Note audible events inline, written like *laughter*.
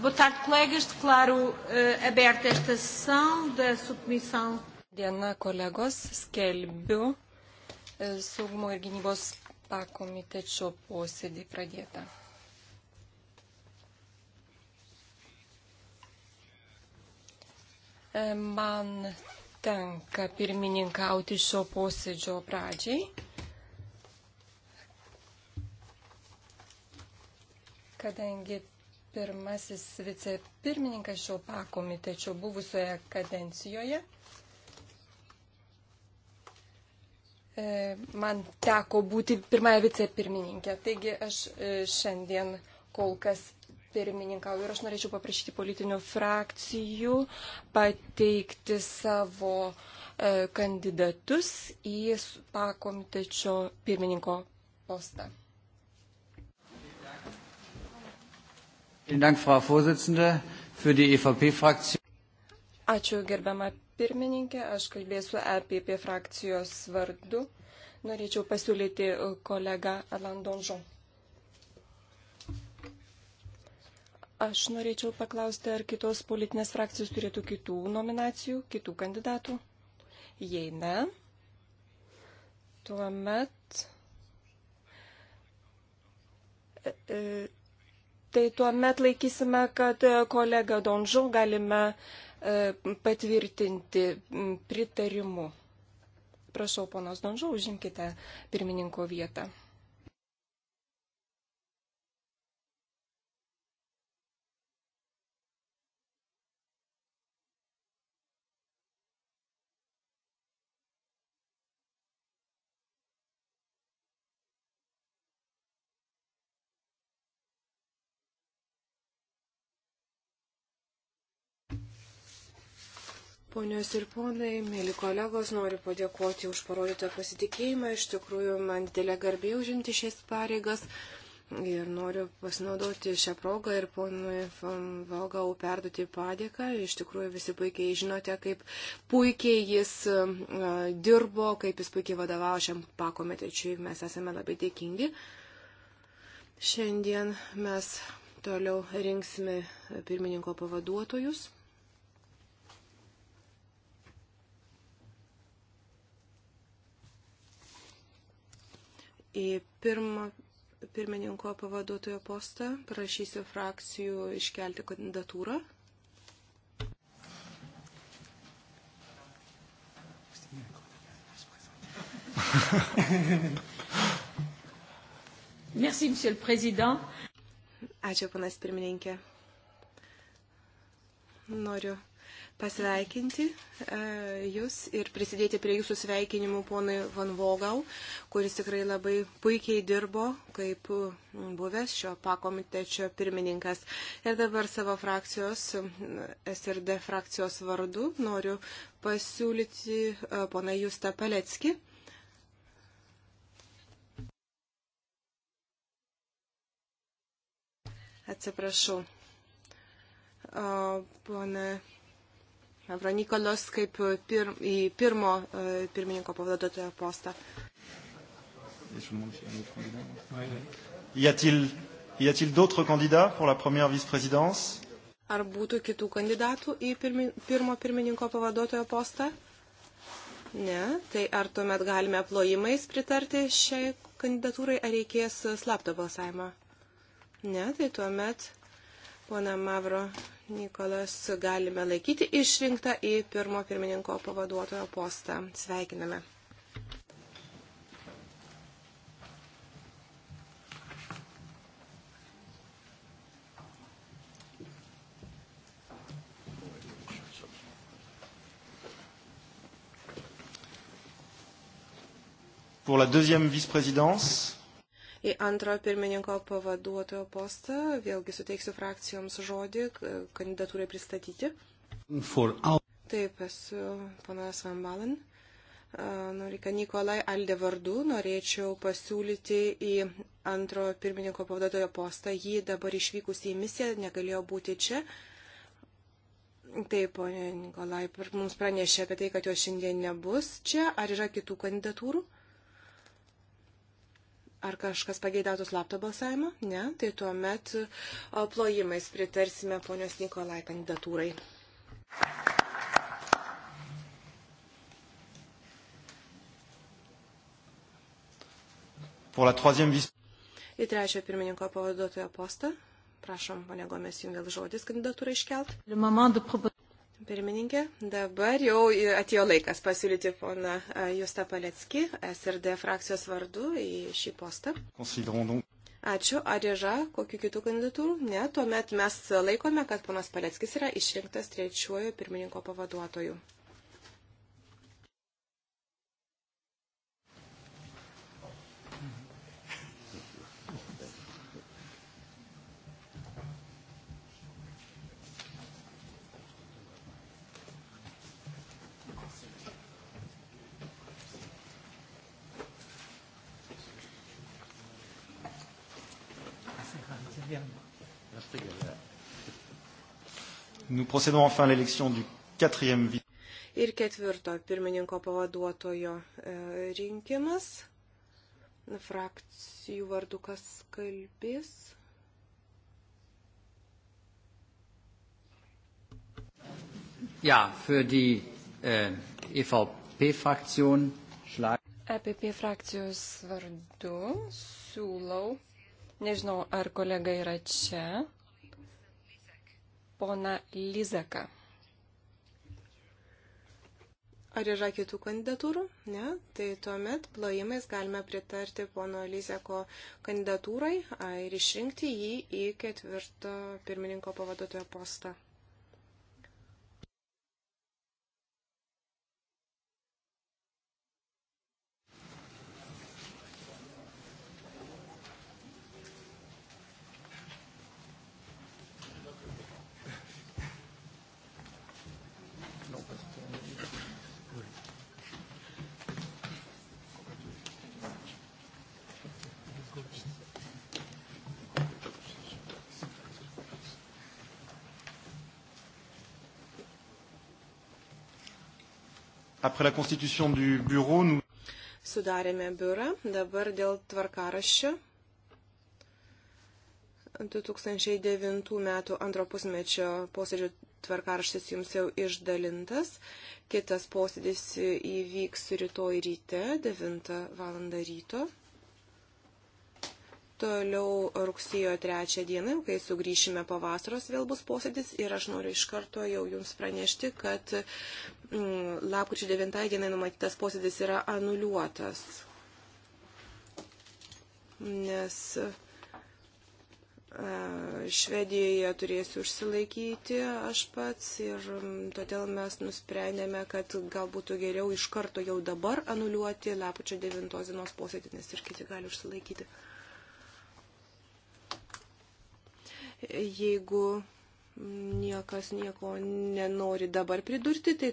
Boa tarde, colegas. Declaro uh, aberta esta sessão da subcomissão. Diena, kolegos, skelbiu eh, saugumo ir gynybos pakomitečio posėdį pradėtą. Man tenka pirmininkauti šio posėdžio pradžiai. Kadangi pirmasis vicepirmininkas šio pakomitečio buvusioje kadencijoje. E, man teko būti pirmąją vicepirmininkę, taigi aš e, šiandien kol kas pirmininkauju ir aš norėčiau paprašyti politinių frakcijų pateikti savo e, kandidatus į pakomitečio pirmininko postą. E Ačiū gerbiamą pirmininkę, aš kalbėsiu EPP frakcijos vardu. Norėčiau pasiūlyti kolegą Alain Donžon. Aš norėčiau paklausti, ar kitos politinės frakcijos turėtų kitų nominacijų, kitų kandidatų. Jei ne, tuomet e, e, tai tuo met laikysime, kad e, kolega Donžau galime e, patvirtinti pritarimu. Prašau, ponas Donžau, užimkite pirmininko vietą. Ponios ir ponai, mėly kolegos, noriu padėkoti už parodytą pasitikėjimą. Iš tikrųjų, man didelė garbė užimti šias pareigas. Ir noriu pasinaudoti šią progą ir ponui Valgau perduoti padėką. Iš tikrųjų, visi puikiai žinote, kaip puikiai jis dirbo, kaip jis puikiai vadovavo šiam pakomitečiui. Mes esame labai dėkingi. Šiandien mes toliau rinksime pirmininko pavaduotojus. į pirmo, pirmininko pavaduotojo postą. Prašysiu frakcijų iškelti kandidatūrą. *laughs* Merci, Monsieur le Président. Ačiū, panas pirmininkė. Noriu pasveikinti e, jūs ir prisidėti prie jūsų sveikinimų ponui Van Vogau, kuris tikrai labai puikiai dirbo kaip buvęs šio pakomitečio pirmininkas. Ir dabar savo frakcijos, SRD frakcijos vardu noriu pasiūlyti e, poną Justą Palecki. Atsiprašau. Pone Vronikolos kaip e, pir, į pirmo e, pirmininko pavaduotojo postą. Y a-t-il d'autres candidats pour la première vice-présidence Ar būtų kitų kandidatų į pirmi, pirmo pirmininko pavaduotojo postą? Ne. Tai ar tuomet galime plojimais pritarti šiai kandidatūrai, ar reikės slapto balsavimo? Ne, tai tuomet Pona Mavro Nikolas galime laikyti išrinktą į pirmo pirmininko pavaduotojo postą. Sveikiname. Pour la deuxième vice-présidence, į antrojo pirmininko pavaduotojo postą. Vėlgi suteiksiu frakcijoms žodį kandidatūrai pristatyti. Taip, esu panas Van Balen. Norika Nikolai Alde vardu norėčiau pasiūlyti į antrojo pirmininko pavaduotojo postą. Ji dabar išvykusi į misiją negalėjo būti čia. Taip, ponė Nikolai, mums pranešė apie tai, kad jo šiandien nebus čia. Ar yra kitų kandidatūrų? Ar kažkas pageidautų slapto balsavimo? Ne, tai tuomet plojimais pritarsime ponios Nikolai kandidatūrai. Į trečiojo pirmininko pavaduotojo postą. Prašom, ponegomis, jums vėl žodis kandidatūrą iškelt pirmininkė. Dabar jau atėjo laikas pasiūlyti poną Justą Palecki, SRD frakcijos vardu, į šį postą. Ačiū. Ar yra kokiu kitų kandidatūrų? Ne, tuomet mes laikome, kad ponas Paleckis yra išrinktas trečiuoju pirmininko pavaduotoju. Ir ketvirto pirmininko pavaduotojo e, rinkimas. Frakcijų vardu kas kalbės? Ja, für die äh, e, EVP-Fraktion schlage EPP frakcijos vardu siūlau Nežinau, ar kolega yra čia. Pona Lizaka. Ar yra kitų kandidatūrų? Ne. Tai tuomet plojimais galime pritarti pono Lyseko kandidatūrai ir išrinkti jį į ketvirto pirmininko pavaduotojo postą. Après la constitution du bureau, nous... Sudarėme biurą, dabar dėl tvarkaraščio. 2009 m. antro pusmečio posėdžio tvarkaraštis jums jau išdalintas. Kitas posėdis įvyks rytoj ryte, 9 val. ryto. Toliau rugsėjo trečią dieną, kai sugrįšime po vasaros, vėl bus posėdis ir aš noriu iš karto jau jums pranešti, kad mm, lapkričio 9 dienai numatytas posėdis yra anuliuotas. Nes e, Švedijoje turėsiu užsilaikyti aš pats ir mm, todėl mes nusprendėme, kad gal būtų geriau iš karto jau dabar anuliuoti lapučio 9 dienos posėdį, nes ir kiti gali užsilaikyti. Jeigu niekas nieko nenori dabar pridurti, tai